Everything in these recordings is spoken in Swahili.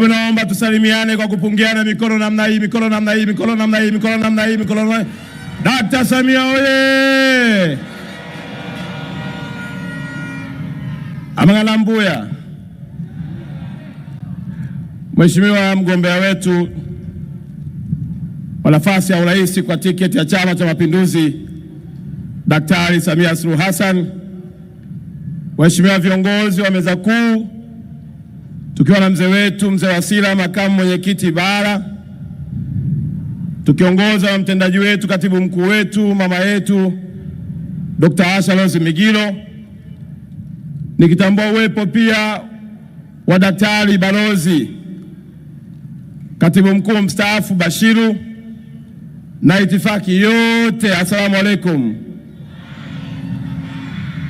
Hebu naomba tusalimiane kwa kupungiana mikono namna hii, mikono namna hii, mikono namna hii, mikono namna hii, mikono namna hii. Dkt. Samia oye! Amang'ala Mbuya, Mheshimiwa mgombea wetu wa nafasi ya urais kwa tiketi ya Chama cha Mapinduzi, Daktari Samia Suluhu Hassan, Mheshimiwa viongozi wa meza kuu tukiwa na mzee wetu mzee Wasira, makamu mwenyekiti bara, tukiongoza na mtendaji wetu, katibu mkuu wetu, mama yetu Dr. Asha Rose Migiro, nikitambua uwepo pia wa daktari balozi katibu mkuu mstaafu Bashiru na itifaki yote, assalamu alaikum.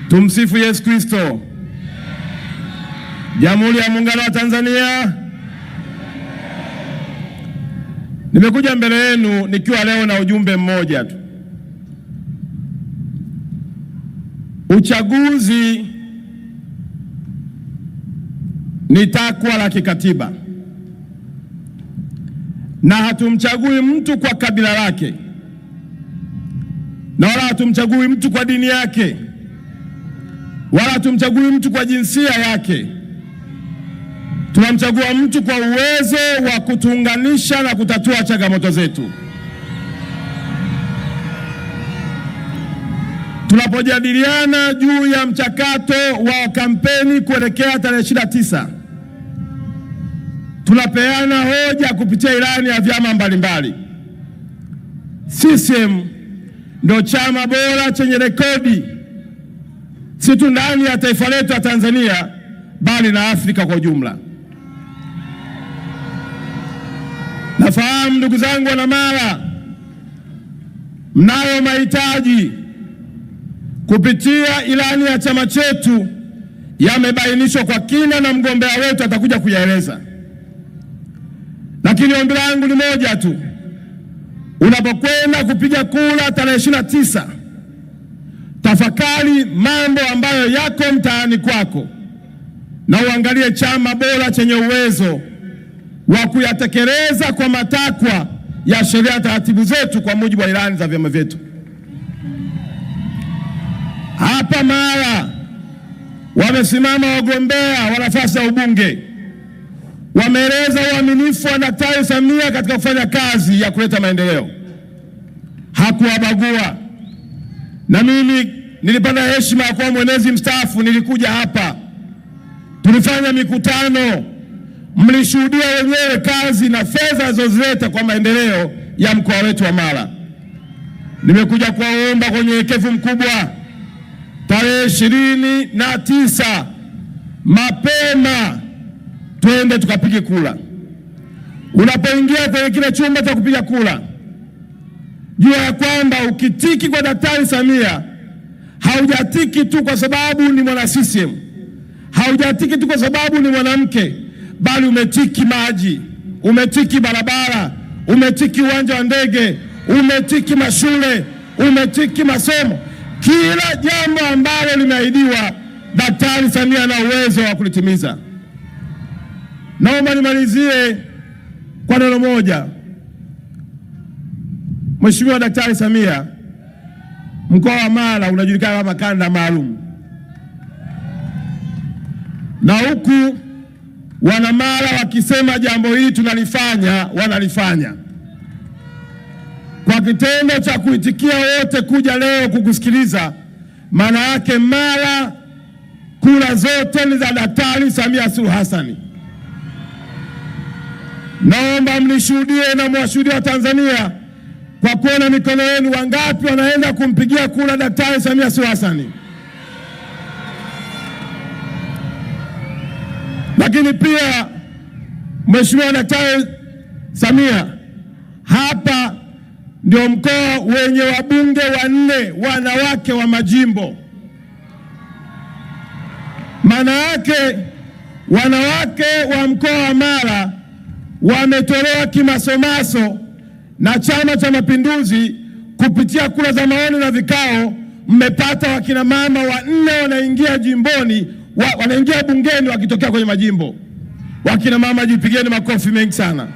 Tumsifu Yesu Kristo. Jamhuri ya Muungano wa Tanzania. Nimekuja mbele yenu nikiwa leo na ujumbe mmoja tu. Uchaguzi ni takwa la kikatiba na hatumchagui mtu kwa kabila lake na wala hatumchagui mtu kwa dini yake wala hatumchagui mtu kwa jinsia yake tunamchagua mtu kwa uwezo wa kutuunganisha na kutatua changamoto zetu. Tunapojadiliana juu ya mchakato wa kampeni kuelekea tarehe ishirini na tisa tunapeana hoja kupitia ilani ya vyama mbalimbali. CCM ndio chama bora chenye rekodi si tu ndani ya taifa letu la Tanzania bali na Afrika kwa ujumla. Nafahamu ndugu zangu wana Mara, mnayo mahitaji kupitia ilani ya chama chetu yamebainishwa kwa kina na mgombea wetu atakuja kuyaeleza, lakini ombi langu ni moja tu, unapokwenda kupiga kura tarehe ishirini na tisa tafakari mambo ambayo yako mtaani kwako na uangalie chama bora chenye uwezo wa kuyatekeleza kwa matakwa ya sheria, taratibu zetu kwa mujibu wa ilani za vyama vyetu. Hapa Mara wamesimama wagombea wa nafasi ya ubunge, wameeleza uaminifu wa Daktari Samia katika kufanya kazi ya kuleta maendeleo, hakuwabagua. Na mimi nilipata heshima ya kuwa mwenezi mstaafu, nilikuja hapa, tulifanya mikutano mlishuhudia wenyewe kazi na fedha zozileta kwa maendeleo ya mkoa wetu wa Mara. Nimekuja kuwaomba kwa unyenyekevu mkubwa, tarehe ishirini na tisa mapema twende tukapige kula Unapoingia kwenye kile chumba cha kupiga kula jua ya kwamba ukitiki kwa Daktari Samia haujatiki tu kwa sababu ni mwana CCM, haujatiki tu kwa sababu ni mwanamke bali umetiki maji, umetiki barabara, umetiki uwanja wa ndege, umetiki mashule, umetiki masomo. Kila jambo ambalo limeahidiwa, Daktari Samia ana uwezo wa kulitimiza. Naomba nimalizie kwa neno moja. Mheshimiwa Daktari Samia, mkoa wa Mara unajulikana kama kanda maalum na huku Wanamara wakisema jambo hili tunalifanya, wanalifanya kwa kitendo cha kuitikia wote kuja leo kukusikiliza. Maana yake Mara kura zote ni za Daktari Samia Suluhu Hassan. Naomba mnishuhudie na mwashuhudie wa Tanzania kwa kuona mikono yenu, wangapi wanaenda kumpigia kura Daktari Samia Suluhu Hassan. Lakini pia Mheshimiwa Daktari Samia, hapa ndio mkoa wenye wabunge wanne wanawake wa majimbo. Maana yake wanawake wa mkoa wa Mara wametolewa kimasomaso na Chama cha Mapinduzi kupitia kura za maoni na vikao, mmepata wakinamama wanne wanaingia jimboni wa, wanaingia bungeni wakitokea kwenye majimbo. Wakina mama jipigeni makofi mengi sana.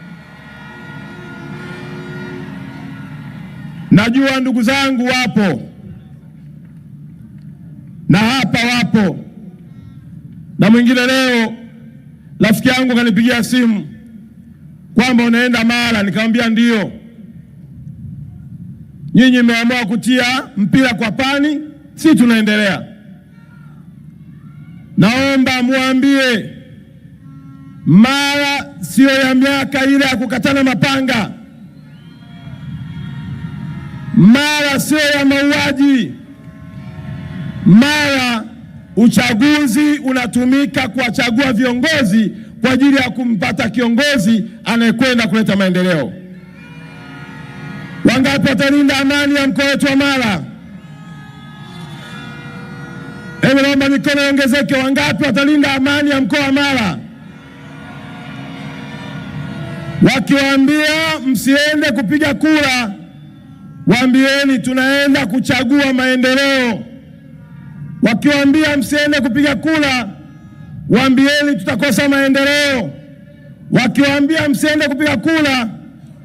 Najua ndugu zangu wapo na hapa wapo, na mwingine leo rafiki yangu kanipigia simu kwamba unaenda Mara, nikamwambia ndio. Nyinyi mmeamua kutia mpira kwa pani, si tunaendelea Naomba mwambie mara siyo ya miaka ile ya kukatana mapanga, mara siyo ya mauaji, mara uchaguzi unatumika kuwachagua viongozi kwa ajili ya kumpata kiongozi anayekwenda kuleta maendeleo. Wangapi watalinda amani ya mkoa wetu wa Mara? Hebu naomba mikono iongezeke. Wangapi watalinda amani ya mkoa wa Mara, wakiwaambia msiende kupiga kura, waambieni tunaenda kuchagua maendeleo. Wakiwaambia msiende kupiga kura, waambieni tutakosa maendeleo. Wakiwaambia msiende kupiga kura,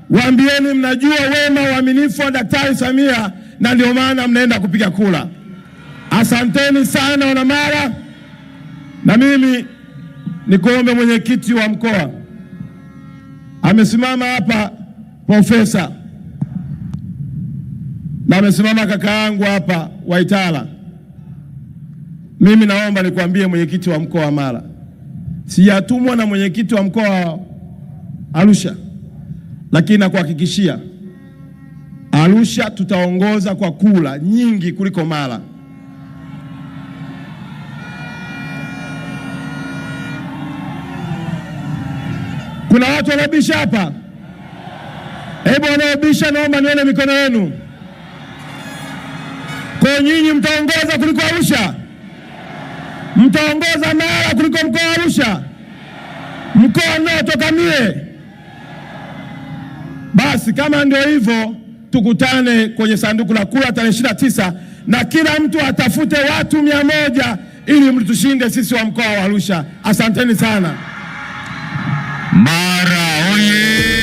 waambieni mnajua wema, uaminifu wa Daktari Samia na ndio maana mnaenda kupiga kura. Asanteni sana Wanamara, na mimi nikuombe mwenyekiti wa mkoa, amesimama hapa profesa na amesimama kaka yangu hapa Waitala. Mimi naomba nikwambie mwenyekiti wa mkoa wa Mara, sijatumwa na mwenyekiti wa mkoa wa Arusha, lakini nakuhakikishia Arusha tutaongoza kwa kula nyingi kuliko Mara. Kuna watu wanaobisha hapa? Hebu wanaobisha, naomba nione mikono yenu. Kwa nyinyi mtaongoza kuliko Arusha? Mtaongoza Mara kuliko mkoa wa Arusha, mkoa naotoka mie? Basi kama ndio hivyo, tukutane kwenye sanduku la kura tarehe ishirini na tisa na kila mtu atafute watu mia moja ili mtushinde sisi wa mkoa wa Arusha. Asanteni sana. Mara, oye.